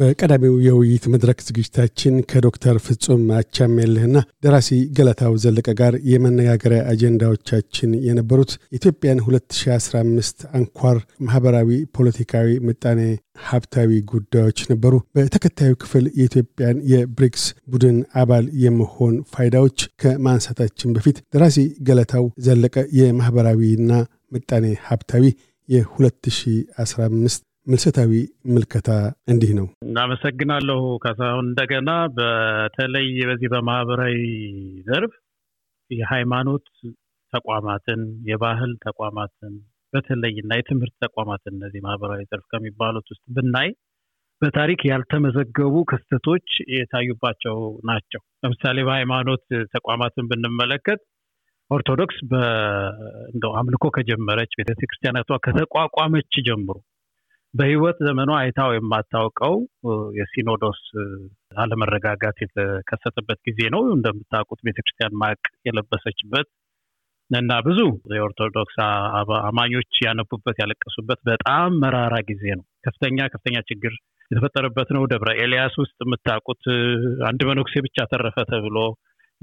በቀዳሚው የውይይት መድረክ ዝግጅታችን ከዶክተር ፍጹም አቻሜልህና ደራሲ ገለታው ዘለቀ ጋር የመነጋገሪያ አጀንዳዎቻችን የነበሩት ኢትዮጵያን 2015 አንኳር ማህበራዊ፣ ፖለቲካዊ፣ ምጣኔ ሀብታዊ ጉዳዮች ነበሩ። በተከታዩ ክፍል የኢትዮጵያን የብሪክስ ቡድን አባል የመሆን ፋይዳዎች ከማንሳታችን በፊት ደራሲ ገለታው ዘለቀ የማህበራዊና ምጣኔ ሀብታዊ የ2015 ምልሰታዊ ምልከታ እንዲህ ነው። እናመሰግናለሁ ካሳሁን። እንደገና በተለይ በዚህ በማህበራዊ ዘርፍ የሃይማኖት ተቋማትን፣ የባህል ተቋማትን በተለይ እና የትምህርት ተቋማትን እነዚህ ማህበራዊ ዘርፍ ከሚባሉት ውስጥ ብናይ በታሪክ ያልተመዘገቡ ክስተቶች የታዩባቸው ናቸው። ለምሳሌ በሃይማኖት ተቋማትን ብንመለከት ኦርቶዶክስ እንደው አምልኮ ከጀመረች ቤተክርስቲያናቷ ከተቋቋመች ጀምሮ በህይወት ዘመኗ አይታው የማታውቀው የሲኖዶስ አለመረጋጋት የተከሰተበት ጊዜ ነው። እንደምታውቁት ቤተክርስቲያን ማቅ የለበሰችበት እና ብዙ የኦርቶዶክስ አማኞች ያነቡበት ያለቀሱበት በጣም መራራ ጊዜ ነው። ከፍተኛ ከፍተኛ ችግር የተፈጠረበት ነው። ደብረ ኤልያስ ውስጥ የምታውቁት አንድ መነኩሴ ብቻ ተረፈ ተብሎ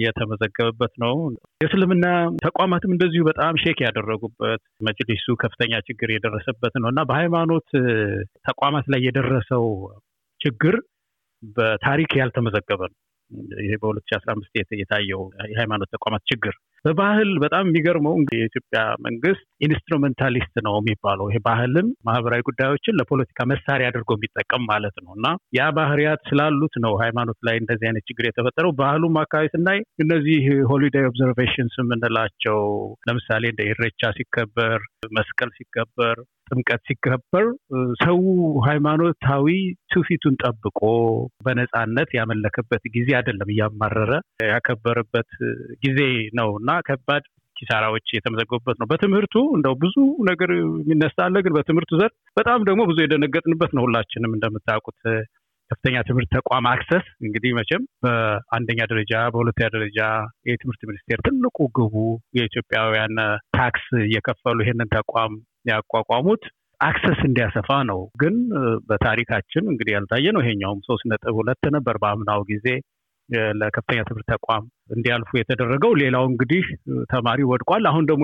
የተመዘገበበት ነው። የእስልምና ተቋማትም እንደዚሁ በጣም ሼክ ያደረጉበት መጅሊሱ ከፍተኛ ችግር የደረሰበት ነው እና በሃይማኖት ተቋማት ላይ የደረሰው ችግር በታሪክ ያልተመዘገበ ነው። ይሄ በ2015 የታየው የሃይማኖት ተቋማት ችግር በባህል በጣም የሚገርመው የኢትዮጵያ መንግስት ኢንስትሩሜንታሊስት ነው የሚባለው ይሄ ባህልን፣ ማህበራዊ ጉዳዮችን ለፖለቲካ መሳሪያ አድርጎ የሚጠቀም ማለት ነው እና ያ ባህሪያት ስላሉት ነው ሃይማኖት ላይ እንደዚህ አይነት ችግር የተፈጠረው። ባህሉም አካባቢ ስናይ እነዚህ ሆሊዳይ ኦብዘርቬሽንስ የምንላቸው ለምሳሌ እንደ ኢሬቻ ሲከበር፣ መስቀል ሲከበር፣ ጥምቀት ሲከበር ሰው ሃይማኖታዊ ትውፊቱን ጠብቆ በነፃነት ያመለከበት ጊዜ አይደለም፣ እያማረረ ያከበረበት ጊዜ ነው እና እና ከባድ ኪሳራዎች የተመዘገቡበት ነው። በትምህርቱ እንደው ብዙ ነገር የሚነሳ አለ፣ ግን በትምህርቱ ዘር በጣም ደግሞ ብዙ የደነገጥንበት ነው። ሁላችንም እንደምታውቁት ከፍተኛ ትምህርት ተቋም አክሰስ እንግዲህ መቼም በአንደኛ ደረጃ በሁለተኛ ደረጃ የትምህርት ሚኒስቴር ትልቁ ግቡ የኢትዮጵያውያን ታክስ እየከፈሉ ይሄንን ተቋም ያቋቋሙት አክሰስ እንዲያሰፋ ነው። ግን በታሪካችን እንግዲህ ያልታየ ነው። ይሄኛውም ሶስት ነጥብ ሁለት ነበር በአምናው ጊዜ ለከፍተኛ ትምህርት ተቋም እንዲያልፉ የተደረገው። ሌላው እንግዲህ ተማሪ ወድቋል። አሁን ደግሞ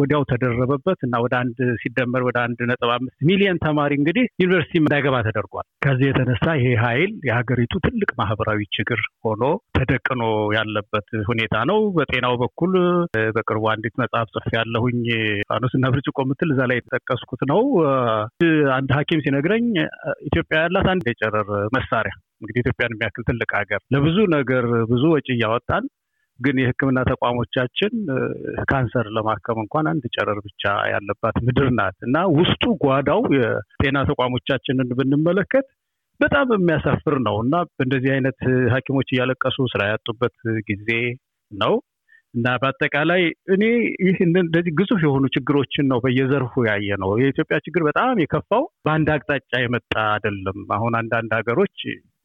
ወዲያው ተደረበበት እና ወደ አንድ ሲደመር ወደ አንድ ነጥብ አምስት ሚሊዮን ተማሪ እንግዲህ ዩኒቨርሲቲ እንዳይገባ ተደርጓል። ከዚህ የተነሳ ይሄ ኃይል የሀገሪቱ ትልቅ ማህበራዊ ችግር ሆኖ ተደቅኖ ያለበት ሁኔታ ነው። በጤናው በኩል በቅርቡ አንዲት መጽሐፍ ጽፍ ያለሁኝ እና ብርጭቆ ምትል እዛ ላይ የተጠቀስኩት ነው። አንድ ሐኪም ሲነግረኝ ኢትዮጵያ ያላት አንድ የጨረር መሳሪያ እንግዲህ ኢትዮጵያን የሚያክል ትልቅ ሀገር ለብዙ ነገር ብዙ ወጪ እያወጣን ግን የሕክምና ተቋሞቻችን ካንሰር ለማከም እንኳን አንድ ጨረር ብቻ ያለባት ምድር ናት እና ውስጡ ጓዳው የጤና ተቋሞቻችንን ብንመለከት በጣም የሚያሳፍር ነው እና በእንደዚህ አይነት ሐኪሞች እያለቀሱ ስራ ያጡበት ጊዜ ነው እና በአጠቃላይ እኔ ይህ እንደዚህ ግዙፍ የሆኑ ችግሮችን ነው በየዘርፉ ያየ ነው። የኢትዮጵያ ችግር በጣም የከፋው በአንድ አቅጣጫ የመጣ አይደለም። አሁን አንዳንድ ሀገሮች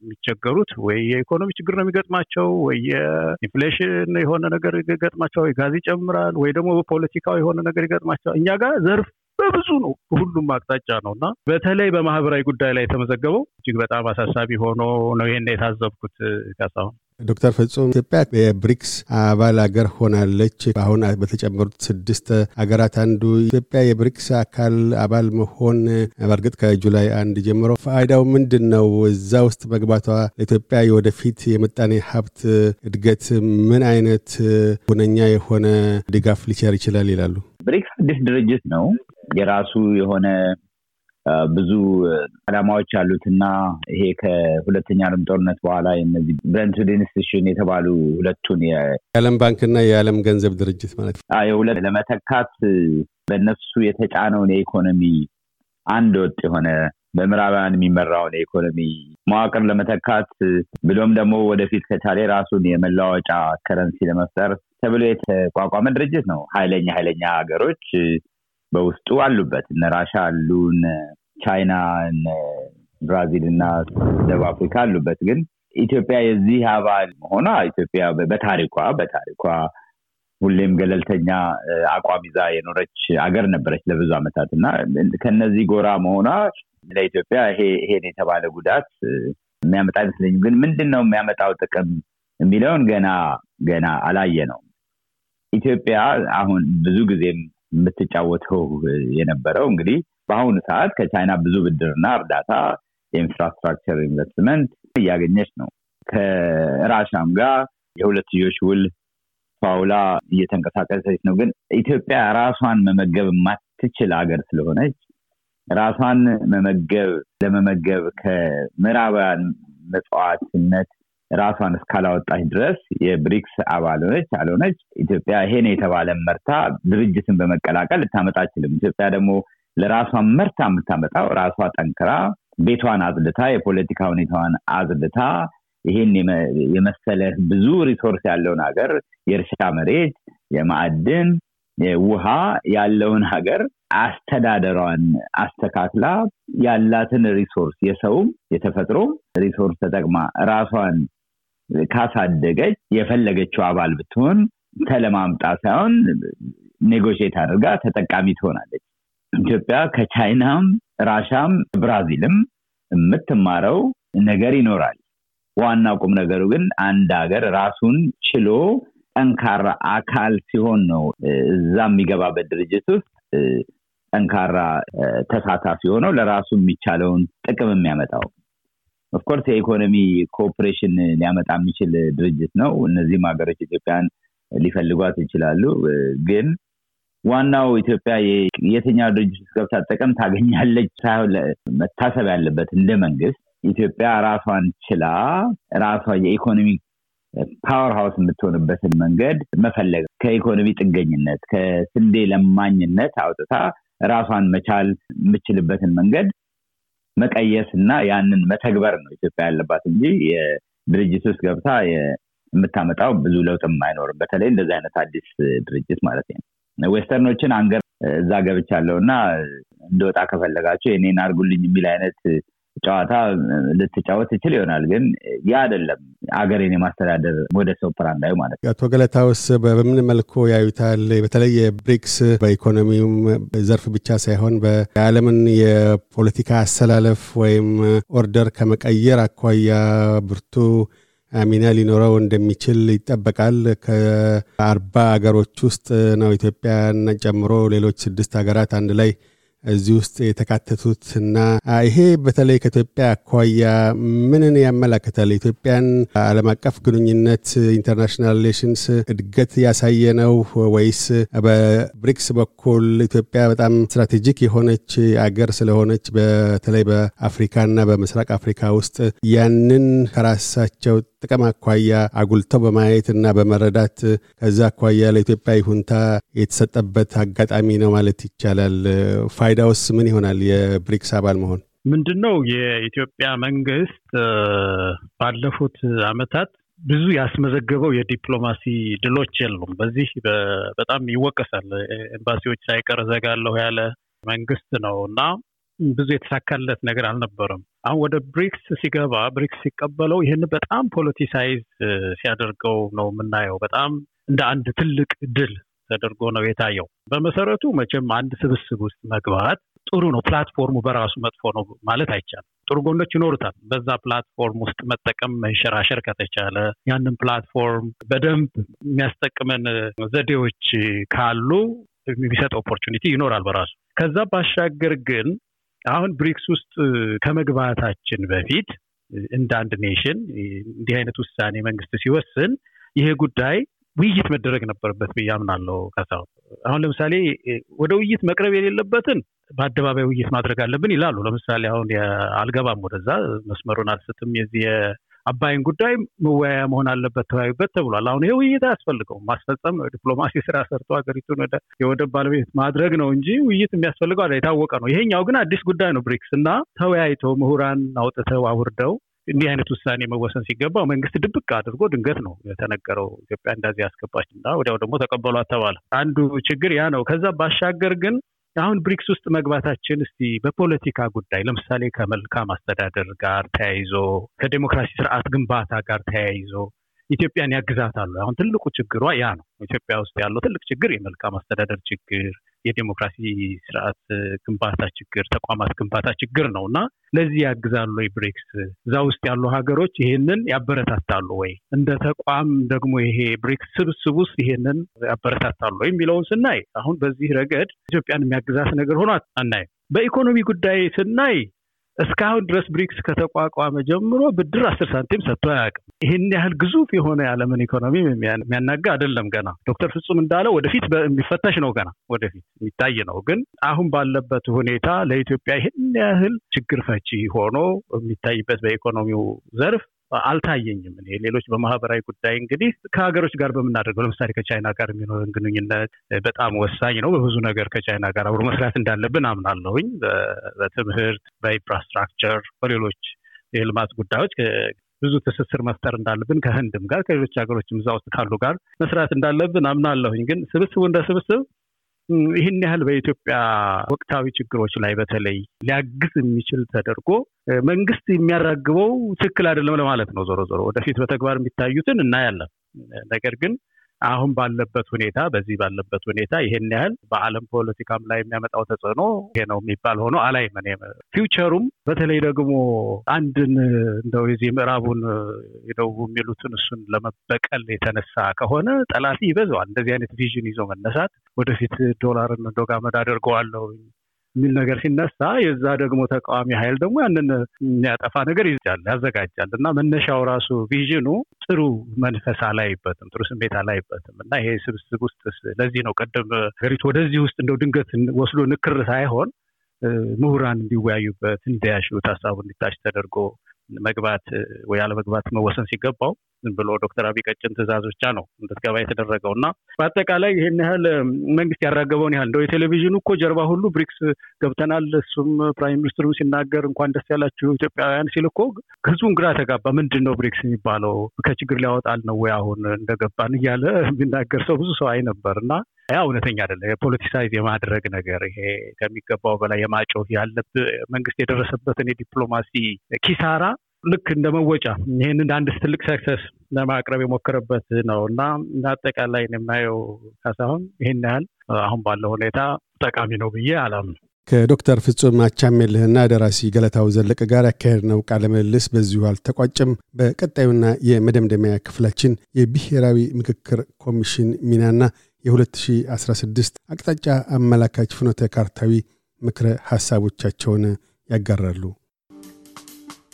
የሚቸገሩት ወይ የኢኮኖሚ ችግር ነው የሚገጥማቸው፣ ወይ የኢንፍሌሽን የሆነ ነገር ይገጥማቸው፣ ወይ ጋዝ ይጨምራል፣ ወይ ደግሞ በፖለቲካዊ የሆነ ነገር ይገጥማቸዋል። እኛ ጋር ዘርፍ በብዙ ነው፣ ሁሉም አቅጣጫ ነው እና በተለይ በማህበራዊ ጉዳይ ላይ የተመዘገበው እጅግ በጣም አሳሳቢ ሆኖ ነው ይህን የታዘብኩት ከሳሁን ዶክተር ፍጹም ኢትዮጵያ የብሪክስ አባል አገር ሆናለች። አሁን በተጨመሩት ስድስት አገራት አንዱ ኢትዮጵያ የብሪክስ አካል አባል መሆን በእርግጥ ከጁላይ አንድ ጀምሮ ፋይዳው ምንድን ነው? እዛ ውስጥ መግባቷ ለኢትዮጵያ የወደፊት የምጣኔ ሀብት እድገት ምን አይነት ሁነኛ የሆነ ድጋፍ ሊቸር ይችላል ይላሉ። ብሪክስ ስድስት ድርጅት ነው። የራሱ የሆነ ብዙ አሉት አሉትና ይሄ ከሁለተኛ ዓለም ጦርነት በኋላ እነዚህ ብረንት የተባሉ ሁለቱን የዓለም ባንክና የዓለም ገንዘብ ድርጅት ማለት የሁለት ለመተካት በእነሱ የተጫነውን የኢኮኖሚ አንድ ወጥ የሆነ በምዕራባውያን የሚመራውን የኢኮኖሚ መዋቅር ለመተካት ብሎም ደግሞ ወደፊት ከቻሌ ራሱን የመለዋወጫ ከረንሲ ለመፍጠር ተብሎ የተቋቋመ ድርጅት ነው። ኃይለኛ ኃይለኛ ሀገሮች በውስጡ አሉበት። እነ ራሻ አሉን፣ ቻይና፣ ብራዚል እና ደቡብ አፍሪካ አሉበት። ግን ኢትዮጵያ የዚህ አባል መሆኗ ኢትዮጵያ በታሪኳ በታሪኳ ሁሌም ገለልተኛ አቋም ይዛ የኖረች አገር ነበረች ለብዙ አመታት እና ከነዚህ ጎራ መሆኗ ለኢትዮጵያ ይሄን የተባለ ጉዳት የሚያመጣ አይመስለኝም። ግን ምንድን ነው የሚያመጣው ጥቅም የሚለውን ገና ገና አላየ ነው። ኢትዮጵያ አሁን ብዙ ጊዜም የምትጫወተው የነበረው እንግዲህ በአሁኑ ሰዓት ከቻይና ብዙ ብድርና እርዳታ የኢንፍራስትራክቸር ኢንቨስትመንት እያገኘች ነው። ከራሻም ጋር የሁለትዮሽ ውል ፋውላ እየተንቀሳቀሰች ነው። ግን ኢትዮጵያ ራሷን መመገብ የማትችል ሀገር ስለሆነች ራሷን መመገብ ለመመገብ ከምዕራባውያን መጽዋዕትነት ራሷን እስካላወጣች ድረስ የብሪክስ አባል ሆነች አልሆነች ኢትዮጵያ ይሄን የተባለ መርታ ድርጅትን በመቀላቀል ልታመጣ አችልም። ኢትዮጵያ ደግሞ ለራሷ መርታ የምታመጣው ራሷ ጠንክራ ቤቷን አዝልታ የፖለቲካ ሁኔታዋን አዝልታ ይህን የመሰለ ብዙ ሪሶርስ ያለውን ሀገር የእርሻ መሬት፣ የማዕድን፣ ውሃ ያለውን ሀገር አስተዳደሯን አስተካክላ ያላትን ሪሶርስ የሰውም የተፈጥሮም ሪሶርስ ተጠቅማ ራሷን ካሳደገች የፈለገችው አባል ብትሆን ተለማምጣ ሳይሆን ኔጎሽት አድርጋ ተጠቃሚ ትሆናለች። ኢትዮጵያ ከቻይናም ራሻም ብራዚልም የምትማረው ነገር ይኖራል። ዋና ቁም ነገሩ ግን አንድ ሀገር ራሱን ችሎ ጠንካራ አካል ሲሆን ነው እዛ የሚገባበት ድርጅት ውስጥ ጠንካራ ተሳታፊ ሆነው ለራሱ የሚቻለውን ጥቅም የሚያመጣው። ኦፍኮርስ የኢኮኖሚ ኮኦፕሬሽን ሊያመጣ የሚችል ድርጅት ነው። እነዚህም ሀገሮች ኢትዮጵያን ሊፈልጓት ይችላሉ። ግን ዋናው ኢትዮጵያ የትኛው ድርጅት ውስጥ ገብታ ጠቀም ታገኛለች ሳይሆን መታሰብ ያለበት እንደ መንግስት ኢትዮጵያ ራሷን ችላ ራሷ የኢኮኖሚ ፓወር ሀውስ የምትሆንበትን መንገድ መፈለግ ከኢኮኖሚ ጥገኝነት ከስንዴ ለማኝነት አውጥታ ራሷን መቻል የምችልበትን መንገድ መቀየስ እና ያንን መተግበር ነው ኢትዮጵያ ያለባት እንጂ የድርጅት ውስጥ ገብታ የምታመጣው ብዙ ለውጥም አይኖርም። በተለይ እንደዚህ አይነት አዲስ ድርጅት ማለት ነው። ዌስተርኖችን አንገር እዛ ገብቻለሁ እና እንደወጣ ከፈለጋቸው የኔን አርጉልኝ የሚል አይነት ጨዋታ ልትጫወት ትችል ይሆናል። ግን ያ አይደለም አገሬን የማስተዳደር ወደ ሰው ፕራንዳዩ ማለት ነው። አቶ ገለታውስ በምን መልኩ ያዩታል? በተለይ ብሪክስ በኢኮኖሚውም ዘርፍ ብቻ ሳይሆን የዓለምን የፖለቲካ አሰላለፍ ወይም ኦርደር ከመቀየር አኳያ ብርቱ ሚና ሊኖረው እንደሚችል ይጠበቃል። ከአርባ አገሮች ውስጥ ነው ኢትዮጵያን ጨምሮ ሌሎች ስድስት ሀገራት አንድ ላይ እዚህ ውስጥ የተካተቱት እና ይሄ በተለይ ከኢትዮጵያ አኳያ ምንን ያመላክታል? ኢትዮጵያን ዓለም አቀፍ ግንኙነት ኢንተርናሽናል ሪሌሽንስ እድገት ያሳየ ነው ወይስ በብሪክስ በኩል ኢትዮጵያ በጣም ስትራቴጂክ የሆነች አገር ስለሆነች በተለይ በአፍሪካና በምስራቅ አፍሪካ ውስጥ ያንን ከራሳቸው ጥቅም አኳያ አጉልተው እና በመረዳት ከዛ አኳያ ለኢትዮጵያ ይሁንታ የተሰጠበት አጋጣሚ ነው ማለት ይቻላል። ፋይዳውስ ምን ይሆናል? የብሪክስ አባል መሆን ምንድን ነው? የኢትዮጵያ መንግስት ባለፉት አመታት ብዙ ያስመዘገበው የዲፕሎማሲ ድሎች የሉም። በዚህ በጣም ይወቀሳል። ኤምባሲዎች ሳይቀር ዘጋለሁ ያለ መንግስት ነው እና ብዙ የተሳካለት ነገር አልነበረም። አሁን ወደ ብሪክስ ሲገባ ብሪክስ ሲቀበለው ይህን በጣም ፖለቲሳይዝ ሲያደርገው ነው የምናየው። በጣም እንደ አንድ ትልቅ ድል ተደርጎ ነው የታየው። በመሰረቱ መቼም አንድ ስብስብ ውስጥ መግባት ጥሩ ነው። ፕላትፎርሙ በራሱ መጥፎ ነው ማለት አይቻልም። ጥሩ ጎኖች ይኖሩታል። በዛ ፕላትፎርም ውስጥ መጠቀም መንሸራሸር ከተቻለ ያንን ፕላትፎርም በደንብ የሚያስጠቅመን ዘዴዎች ካሉ የሚሰጥ ኦፖርቹኒቲ ይኖራል በራሱ። ከዛ ባሻገር ግን አሁን ብሪክስ ውስጥ ከመግባታችን በፊት እንደ አንድ ኔሽን እንዲህ አይነት ውሳኔ መንግስት ሲወስን ይሄ ጉዳይ ውይይት መደረግ ነበረበት ብዬ አምናለሁ። አሁን ለምሳሌ ወደ ውይይት መቅረብ የሌለበትን በአደባባይ ውይይት ማድረግ አለብን ይላሉ። ለምሳሌ አሁን አልገባም ወደዛ መስመሩን አልስትም የዚህ አባይን ጉዳይ መወያያ መሆን አለበት፣ ተወያዩበት ተብሏል። አሁን ይሄ ውይይት አያስፈልገውም። ማስፈጸም ነው። ዲፕሎማሲ ስራ ሰርቶ ሀገሪቱን ወደ የወደብ ባለቤት ማድረግ ነው እንጂ ውይይት የሚያስፈልገው አለ የታወቀ ነው። ይሄኛው ግን አዲስ ጉዳይ ነው። ብሪክስ እና ተወያይተው ምሁራን አውጥተው አውርደው እንዲህ አይነት ውሳኔ መወሰን ሲገባው መንግስት ድብቅ አድርጎ ድንገት ነው የተነገረው። ኢትዮጵያ እንደዚህ ያስገባች እና ወዲያው ደግሞ ተቀበሏት ተባለ። አንዱ ችግር ያ ነው። ከዛ ባሻገር ግን አሁን ብሪክስ ውስጥ መግባታችን እስቲ በፖለቲካ ጉዳይ ለምሳሌ ከመልካም አስተዳደር ጋር ተያይዞ ከዴሞክራሲ ስርዓት ግንባታ ጋር ተያይዞ ኢትዮጵያን ያግዛታሉ። አሁን ትልቁ ችግሯ ያ ነው። ኢትዮጵያ ውስጥ ያለው ትልቅ ችግር የመልካም አስተዳደር ችግር፣ የዲሞክራሲ ስርዓት ግንባታ ችግር፣ ተቋማት ግንባታ ችግር ነው እና ለዚህ ያግዛሉ ወይ ብሪክስ? እዛ ውስጥ ያሉ ሀገሮች ይሄንን ያበረታታሉ ወይ? እንደ ተቋም ደግሞ ይሄ ብሪክስ ስብስብ ውስጥ ይሄንን ያበረታታሉ ወይ የሚለውን ስናይ አሁን በዚህ ረገድ ኢትዮጵያን የሚያግዛት ነገር ሆኖ አናይም። በኢኮኖሚ ጉዳይ ስናይ እስካሁን ድረስ ብሪክስ ከተቋቋመ ጀምሮ ብድር አስር ሳንቲም ሰጥቶ አያውቅም። ይህን ያህል ግዙፍ የሆነ የዓለምን ኢኮኖሚ የሚያናጋ አይደለም። ገና ዶክተር ፍጹም እንዳለው ወደፊት የሚፈተሽ ነው፣ ገና ወደፊት የሚታይ ነው። ግን አሁን ባለበት ሁኔታ ለኢትዮጵያ ይህን ያህል ችግር ፈቺ ሆኖ የሚታይበት በኢኮኖሚው ዘርፍ አልታየኝም። እኔ ሌሎች በማህበራዊ ጉዳይ እንግዲህ ከሀገሮች ጋር በምናደርገው ለምሳሌ ከቻይና ጋር የሚኖረን ግንኙነት በጣም ወሳኝ ነው። በብዙ ነገር ከቻይና ጋር አብሮ መስራት እንዳለብን አምናለሁኝ። በትምህርት፣ በኢንፍራስትራክቸር፣ በሌሎች የልማት ጉዳዮች ብዙ ትስስር መፍጠር እንዳለብን ከህንድም ጋር ከሌሎች ሀገሮችም እዛ ውስጥ ካሉ ጋር መስራት እንዳለብን አምናለሁኝ። ግን ስብስቡ እንደ ስብስብ ይህን ያህል በኢትዮጵያ ወቅታዊ ችግሮች ላይ በተለይ ሊያግዝ የሚችል ተደርጎ መንግስት የሚያራግበው ትክክል አይደለም ለማለት ነው። ዞሮ ዞሮ ወደፊት በተግባር የሚታዩትን እናያለን። ነገር ግን አሁን ባለበት ሁኔታ በዚህ ባለበት ሁኔታ ይሄን ያህል በዓለም ፖለቲካም ላይ የሚያመጣው ተጽዕኖ ይሄ ነው የሚባል ሆኖ አላይም። እኔ ፊውቸሩም በተለይ ደግሞ አንድን እንደው የዚህ ምዕራቡን የደቡቡ የሚሉትን እሱን ለመበቀል የተነሳ ከሆነ ጠላፊ ይበዛዋል። እንደዚህ አይነት ቪዥን ይዞ መነሳት ወደፊት ዶላርን ዶጋመድ አድርገዋለሁ የሚል ነገር ሲነሳ የዛ ደግሞ ተቃዋሚ ኃይል ደግሞ ያንን የሚያጠፋ ነገር ይዛል ያዘጋጃል እና መነሻው ራሱ ቪዥኑ ጥሩ መንፈስ አላይበትም፣ ጥሩ ስሜት አላይበትም እና ይሄ ስብስብ ውስጥ ለዚህ ነው ቀደም ሀገሪቱ ወደዚህ ውስጥ እንደው ድንገት ወስዶ ንክር ሳይሆን ምሁራን እንዲወያዩበት እንዲያሹት ሀሳቡ እንዲታች ተደርጎ መግባት ወይ አለመግባት መወሰን ሲገባው ዝም ብሎ ዶክተር አብይ ቀጭን ትእዛዝ ብቻ ነው እንድትገባ የተደረገው እና በአጠቃላይ ይህን ያህል መንግስት ያራገበውን ያህል እንደው የቴሌቪዥኑ እኮ ጀርባ ሁሉ ብሪክስ ገብተናል፣ እሱም ፕራይም ሚኒስትሩም ሲናገር እንኳን ደስ ያላችሁ ኢትዮጵያውያን ሲል እኮ ህዝቡን ግራ ተጋባ። ምንድን ነው ብሪክስ የሚባለው ከችግር ሊያወጣል ነው ወይ አሁን እንደገባን እያለ የሚናገር ሰው ብዙ ሰው አይ ነበር እና ያ እውነተኛ አደለ የፖለቲሳይዝ የማድረግ ነገር ይሄ ከሚገባው በላይ የማጮህ ያለብ መንግስት የደረሰበትን የዲፕሎማሲ ኪሳራ ልክ እንደ መወጫ ይህንን አንድ ትልቅ ሰክሰስ ለማቅረብ የሞከረበት ነው እና አጠቃላይ የማየው ካሳሁን ይህን ያህል አሁን ባለው ሁኔታ ጠቃሚ ነው ብዬ አላም ከዶክተር ፍጹም አቻሜልህና ደራሲ ገለታው ዘለቀ ጋር ያካሄድነው ቃለ ምልልስ በዚሁ አልተቋጭም በቀጣዩና የመደምደሚያ ክፍላችን የብሔራዊ ምክክር ኮሚሽን ሚናና የ2016 አቅጣጫ አመላካች ፍኖተ ካርታዊ ምክረ ሐሳቦቻቸውን ያጋራሉ።